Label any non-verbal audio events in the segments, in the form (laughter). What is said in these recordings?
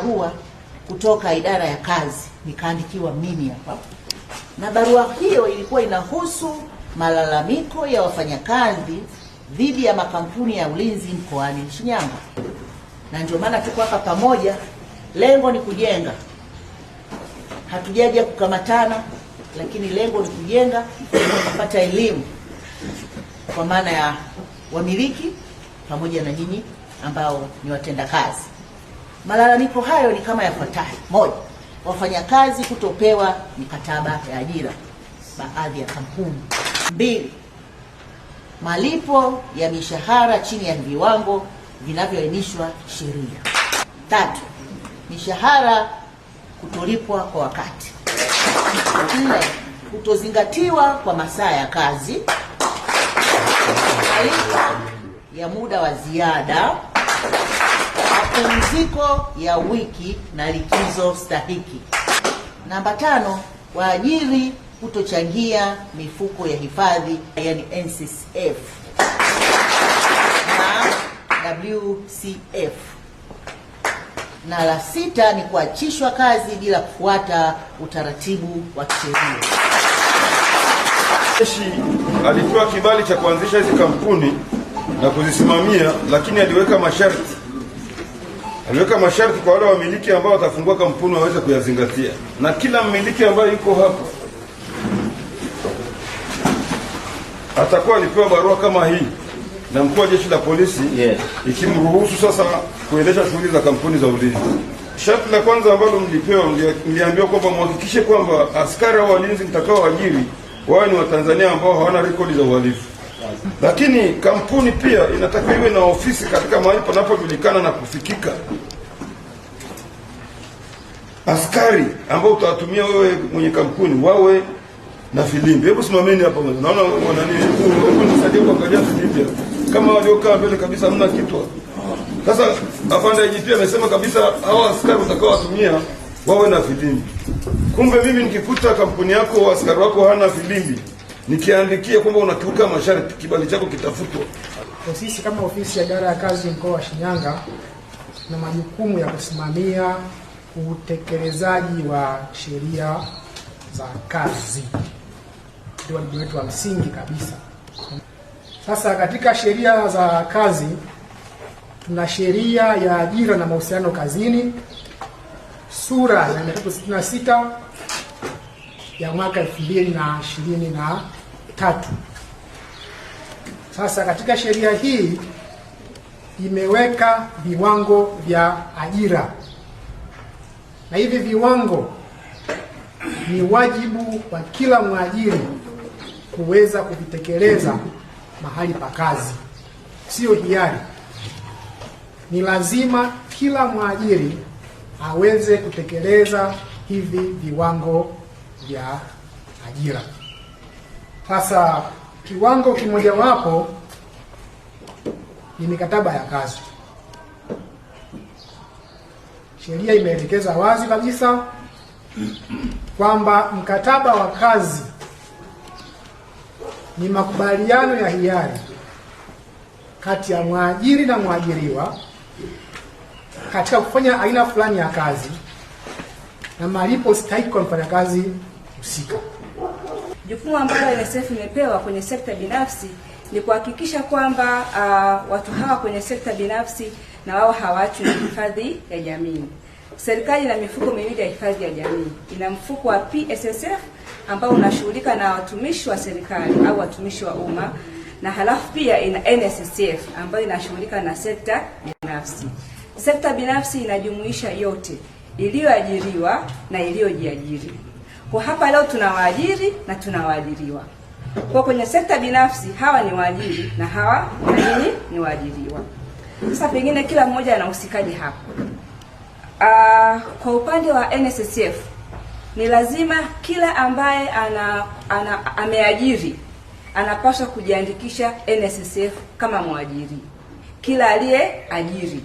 barua kutoka idara ya kazi, nikaandikiwa mimi hapa, na barua hiyo ilikuwa inahusu malalamiko ya wafanyakazi dhidi ya makampuni ya ulinzi mkoani Shinyanga, na ndio maana tuko hapa pamoja. Lengo ni kujenga, hatujaja kukamatana, lakini lengo ni kujenga, kupata elimu kwa maana ya wamiliki pamoja na nyinyi ambao ni watendakazi. Malalamiko hayo ni kama yafuatayo: moja, wafanyakazi kutopewa mikataba ya ajira baadhi ya kampuni; mbili, malipo ya mishahara chini ya viwango vinavyoainishwa sheria; tatu, mishahara kutolipwa kwa wakati; nne, kutozingatiwa kwa masaa ya kazi, malipo ya muda wa ziada mapumziko ya wiki na likizo stahiki. Namba tano, waajiri kutochangia mifuko ya hifadhi yani NCCF na WCF. Na la sita ni kuachishwa kazi bila kufuata utaratibu wa kisheria. Jeshi alipewa kibali cha kuanzisha hizi kampuni na kuzisimamia, lakini aliweka masharti Aliweka masharti kwa wale wamiliki ambao watafungua kampuni waweze kuyazingatia, na kila mmiliki ambaye yuko hapa atakuwa alipewa barua kama hii na mkuu wa jeshi la polisi yes, ikimruhusu sasa kuendesha shughuli za kampuni za ulinzi. Sharti la kwanza ambalo mlipewa, mliambiwa kwamba mhakikishe kwamba askari au walinzi mtakao wawe ni Watanzania ambao hawana rekodi za uhalifu. Lakini kampuni pia inatakiwa iwe na ofisi katika mahali panapojulikana na kufikika. Askari ambao utawatumia wewe mwenye kampuni wawe na filimbi. Hebu simameni hapa mwanzo. Naona wanani, hebu nisaidie kuangalia filimbi. Kama waliokaa mbele kabisa hamna kitwa. Sasa afanda IGP amesema kabisa hawa askari utakao watumia wawe na filimbi. Kumbe mimi nikikuta kampuni yako askari wako hana filimbi, nikiandikia kwamba unakiuka masharti, kibali chako kitafutwa. Kwa sisi kama ofisi ya idara ya kazi mkoa wa Shinyanga na majukumu ya kusimamia utekelezaji wa sheria za kazi, ndio wajibu wetu wa msingi kabisa. Sasa katika sheria za kazi tuna sheria ya ajira na mahusiano kazini sura ya 366 ya mwaka elfu mbili na ishirini na tatu. Sasa katika sheria hii imeweka viwango vya ajira, na hivi viwango ni wajibu wa kila mwajiri kuweza kuvitekeleza mahali pa kazi, sio hiari. Ni lazima kila mwajiri aweze kutekeleza hivi viwango ya ajira. Sasa kiwango kimojawapo ni mikataba ya kazi. Sheria imeelekeza wazi kabisa kwamba mkataba wa kazi ni makubaliano ya hiari kati ya mwajiri na mwajiriwa katika kufanya aina fulani ya kazi na malipo stahiki kwa mfanyakazi husika. Jukumu ambalo NSSF imepewa kwenye sekta binafsi ni kuhakikisha kwamba uh, watu hawa kwenye sekta binafsi na wao hawaachwi na hifadhi ya jamii. Serikali ina mifuko miwili ya hifadhi ya jamii. Ina mfuko wa PSSF ambao unashughulika na watumishi wa serikali au watumishi wa umma, na halafu pia ina NSSF ambayo inashughulika na sekta binafsi. Sekta binafsi inajumuisha yote, iliyoajiriwa na iliyojiajiri. Kwa hapa leo tuna waajiri na tunawaajiriwa Kwa kwenye sekta binafsi hawa ni waajiri na hawa nini ni waajiriwa. Sasa pengine kila mmoja anahusikaje hapo Uh, kwa upande wa NSSF ni lazima kila ambaye ana, ana ameajiri anapaswa kujiandikisha NSSF kama mwajiri, kila aliye ajiri,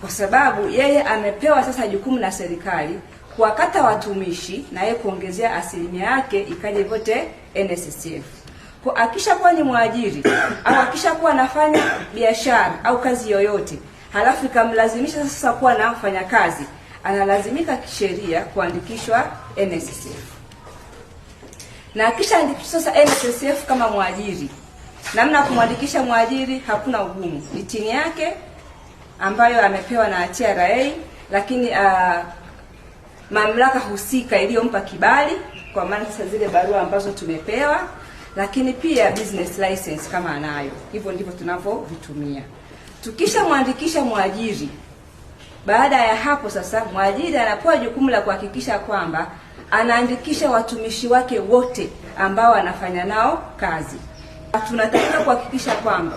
kwa sababu yeye amepewa sasa jukumu na serikali kuwakata watumishi na yeye kuongezea asilimia yake ikaje vote NSSF. Kwa akisha kuwa ni mwajiri (coughs) au akisha kuwa anafanya biashara au kazi yoyote, halafu ikamlazimisha sasa kuwa na mfanyakazi, analazimika kisheria kuandikishwa NSSF. Na akisha andikishwa sasa NSSF kama mwajiri, namna ya kumwandikisha mwajiri hakuna ugumu, ni tini yake ambayo amepewa na TRA lakini uh, mamlaka husika iliyompa kibali, kwa maana sasa zile barua ambazo tumepewa, lakini pia business license kama anayo. Hivyo ndivyo tunavyovitumia. Tukishamwandikisha mwajiri, baada ya hapo sasa mwajiri anapewa jukumu la kuhakikisha kwamba anaandikisha watumishi wake wote ambao anafanya nao kazi. Tunatakiwa kuhakikisha kwamba